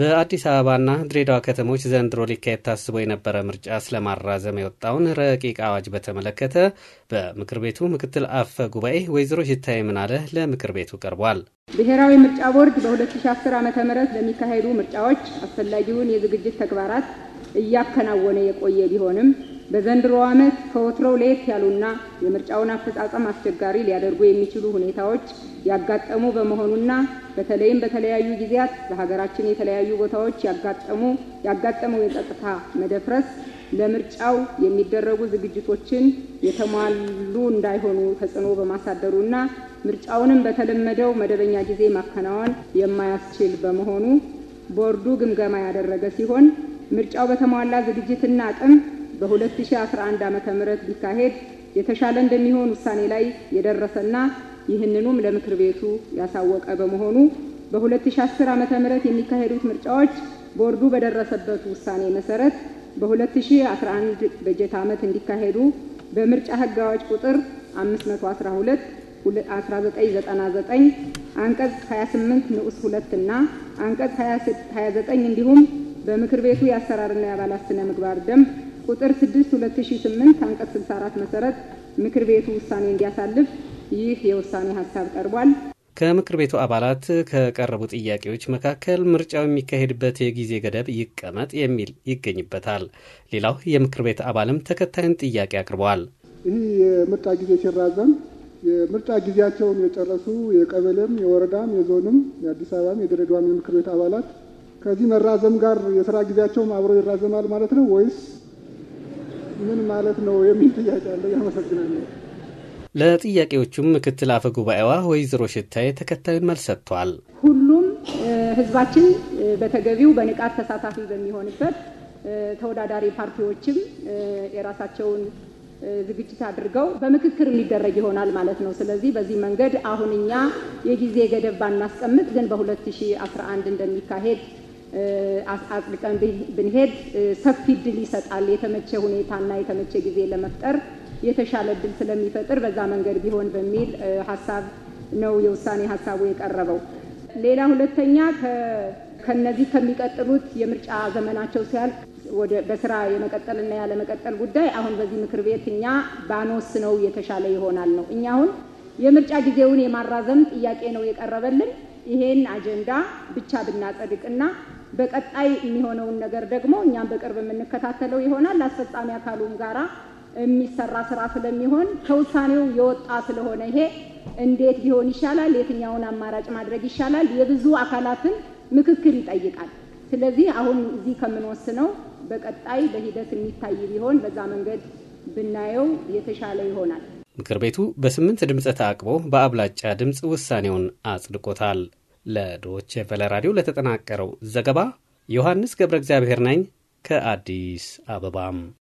በአዲስ አበባና ድሬዳዋ ከተሞች ዘንድሮ ሊካሄድ ታስቦ የነበረ ምርጫ ስለማራዘም የወጣውን ረቂቅ አዋጅ በተመለከተ በምክር ቤቱ ምክትል አፈ ጉባኤ ወይዘሮ ሽታይ ምናለ ለምክር ቤቱ ቀርቧል። ብሔራዊ ምርጫ ቦርድ በ2010 ዓ ም ለሚካሄዱ ምርጫዎች አስፈላጊውን የዝግጅት ተግባራት እያከናወነ የቆየ ቢሆንም በዘንድሮ ዓመት ከወትሮው ለየት ያሉና የምርጫውን አፈጻጸም አስቸጋሪ ሊያደርጉ የሚችሉ ሁኔታዎች ያጋጠሙ በመሆኑና በተለይም በተለያዩ ጊዜያት በሀገራችን የተለያዩ ቦታዎች ያጋጠሙ ያጋጠመው የጸጥታ መደፍረስ ለምርጫው የሚደረጉ ዝግጅቶችን የተሟሉ እንዳይሆኑ ተጽዕኖ በማሳደሩና ምርጫውንም በተለመደው መደበኛ ጊዜ ማከናወን የማያስችል በመሆኑ ቦርዱ ግምገማ ያደረገ ሲሆን ምርጫው በተሟላ ዝግጅትና አቅም በ2011 ዓ ም ቢካሄድ የተሻለ እንደሚሆን ውሳኔ ላይ የደረሰና ይህንኑም ለምክር ቤቱ ያሳወቀ በመሆኑ በ2010 ዓ ም የሚካሄዱት ምርጫዎች ቦርዱ በደረሰበት ውሳኔ መሰረት በ2011 በጀት ዓመት እንዲካሄዱ በምርጫ ሕግ አዋጅ ቁጥር 512 1999 አንቀጽ 28 ንዑስ 2 እና አንቀጽ 29 እንዲሁም በምክር ቤቱ የአሰራርና የአባላት ስነ ምግባር ደንብ ቁጥር 6 2008 አንቀጽ 64 መሰረት ምክር ቤቱ ውሳኔ እንዲያሳልፍ ይህ የውሳኔ ሀሳብ ቀርቧል። ከምክር ቤቱ አባላት ከቀረቡ ጥያቄዎች መካከል ምርጫው የሚካሄድበት የጊዜ ገደብ ይቀመጥ የሚል ይገኝበታል። ሌላው የምክር ቤት አባልም ተከታይን ጥያቄ አቅርበዋል። ይህ የምርጫ ጊዜ ሲራዘም የምርጫ ጊዜያቸውን የጨረሱ የቀበሌም፣ የወረዳም፣ የዞንም፣ የአዲስ አበባም፣ የድሬዳዋም የምክር ቤት አባላት ከዚህ መራዘም ጋር የስራ ጊዜያቸውም አብሮ ይራዘማል ማለት ነው ወይስ ምን ማለት ነው የሚል ጥያቄ አለ። ያመሰግናለሁ። ለጥያቄዎቹም ምክትል አፈ ጉባኤዋ ወይዘሮ ሽታዬ ተከታዩን መልስ ሰጥቷል። ሁሉም ህዝባችን በተገቢው በንቃት ተሳታፊ በሚሆንበት ተወዳዳሪ ፓርቲዎችም የራሳቸውን ዝግጅት አድርገው በምክክር የሚደረግ ይሆናል ማለት ነው። ስለዚህ በዚህ መንገድ አሁን እኛ የጊዜ ገደብ ባናስቀምጥ ግን በ2011 እንደሚካሄድ አጽድቀን ብንሄድ ሰፊ እድል ይሰጣል። የተመቸ ሁኔታና የተመቸ ጊዜ ለመፍጠር የተሻለ እድል ስለሚፈጥር በዛ መንገድ ቢሆን በሚል ሀሳብ ነው የውሳኔ ሀሳቡ የቀረበው። ሌላ ሁለተኛ ከነዚህ ከሚቀጥሉት የምርጫ ዘመናቸው ሲያልቅ ወደ በስራ የመቀጠልና ያለመቀጠል ጉዳይ አሁን በዚህ ምክር ቤት እኛ ባኖስ ነው የተሻለ ይሆናል ነው። እኛ አሁን የምርጫ ጊዜውን የማራዘም ጥያቄ ነው የቀረበልን። ይሄን አጀንዳ ብቻ ብናጸድቅና በቀጣይ የሚሆነውን ነገር ደግሞ እኛም በቅርብ የምንከታተለው ይሆናል። አስፈጻሚ አካሉም ጋራ የሚሰራ ስራ ስለሚሆን ከውሳኔው የወጣ ስለሆነ ይሄ እንዴት ሊሆን ይሻላል፣ የትኛውን አማራጭ ማድረግ ይሻላል፣ የብዙ አካላትን ምክክር ይጠይቃል። ስለዚህ አሁን እዚህ ከምንወስነው በቀጣይ በሂደት የሚታይ ቢሆን በዛ መንገድ ብናየው የተሻለ ይሆናል። ምክር ቤቱ በስምንት ድምፀ ተአቅቦ በአብላጫ ድምፅ ውሳኔውን አጽድቆታል። ለዶች ቨለ ራዲዮ ለተጠናቀረው ዘገባ ዮሐንስ ገብረ እግዚአብሔር ነኝ ከአዲስ አበባም